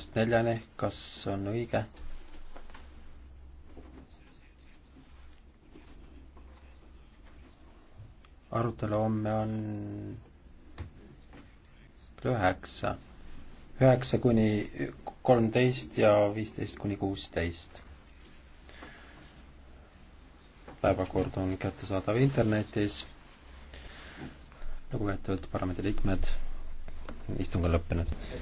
kolmandast neljani, kas on õige? arutelu homme on kell üheksa, üheksa kuni kolmteist ja viisteist kuni kuusteist. päevakord on kättesaadav internetis. lugupeetud parlamendiliikmed, istung on lõppenud.